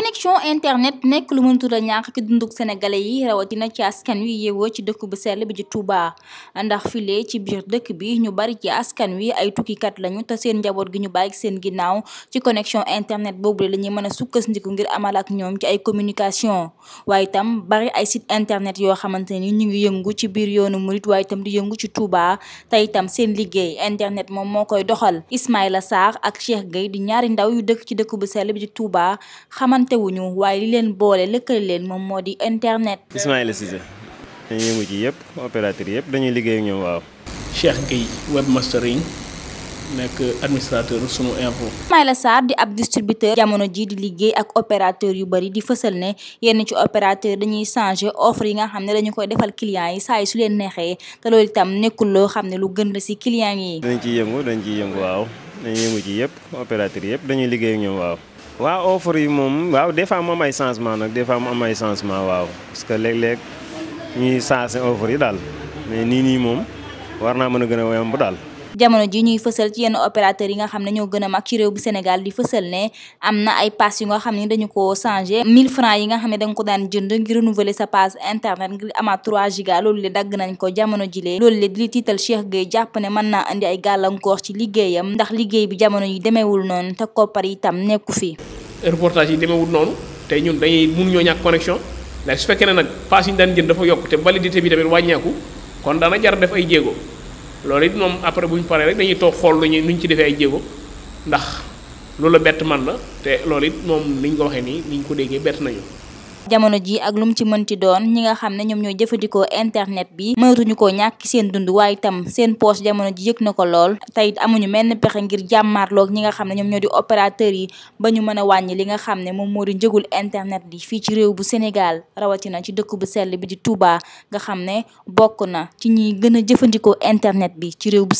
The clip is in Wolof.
connexion internet nekk lu mëntu a ñàkk ci dunduk sénégalais yi rawatina ci askan wi yeewoo ci dëkk bu sell bi ci Touba ndax file ci biir dëkk bi ñu bari ci askan wi ay tukkikat lañu te seen njaboot gi ñu bàyyi seen ginnaaw ci connexion internet boobu lañuy ñuy mën a ngir amal ak ñoom ci ay communication waaye itam bari ay sit internet yoo xamante ni ñu ngi yëngu ci biir yoonu murit waaye itam di yëngu ci Touba te itam seen liggéey internet moom moo koy doxal Ismaïla Sarr ak Cheikh Gueye di ñaari ndaw yu dëkk ci dëkk bu sell xamante waaye li leen boole lëkkale leen moom moo di internet. Ismaïla Cissé dañuy yëngu ci yëpp opérateur yëpp dañuy liggéey ak waaw. Cheikh Gueye webmastering nekk administrateur sunu info. Ismaïla ab distributeur jamono ji di liggéey ak opérateur yu bëri di fësal ne yenn ci opérateur dañuy changer offre yi nga xam ne dañu koy defal clients yi saay su leen neexee te loolu itam nekkul loo xam ne lu gën la si clients yi. dañ ciy yëngu dañ ciy yëngu waaw dañuy yëngu ji yëpp opérateur yëpp dañuy liggéey ak ñoom waaw. waaw offre yi moom waaw des fois mu am ay changement nag des fois mu am ay changement waaw parce que léeg-léeg ñuy changé offre yi daal mais nii nii moom war naa mën a gën a yomb daal. jamono ji ñuy fësal ci yenn opérateurs yi nga xam ne ñoo gën a mag ci réew bu Sénégal di fësal ne am na ay pass yu nga xam ne dañu ko changé 1000 francs yi nga xam ne da nga ko daan jënd ngir renouveler sa pass internet ngir amaat 3 giga loolu le dagg nañ ko jamono ji lee loolu le di tiital Cheikh jàpp ne mën naa andi ay gàllankoor ci liggéeyam ndax liggéey bi jamono yi demeewul noonu te koppar itam nekku fi reportage yi demeewul noonu te ñun dañuy mun ñoo ñàkk connexion léegi su fekkee ne nag pass yi ñu daan jënd dafa yokk te validité bi tamit wàññeeku kon dana jar def ay jéego loolu it moom après bu ñu paree rek dañuy toog xool lu ñu nu ñu ci defee ay jéego ndax lu la bett man la te loolu it moom ni ñu ko waxee nii ni ñu ko déggee bett nañu jamono ji ak lu mu ci mënti doon ñi nga xam ne ñoom ñooy jëfandikoo internet bi mënatuñu ko ñàkk seen dund waaye itam seen poche jamono ji yëg na ko lool tey amuñu menn pexe ngir jàmmaarloog ñi nga xam ne ñoom ñoo di opérateur yi ba ñu mën a wàññi li nga xam ne moom moo di njëgul internet bi fii ci réew bu Sénégal rawatina ci dëkk bu sell bi di Touba nga xam ne bokk na ci ñiy gën a jëfandikoo internet bi ci réew bu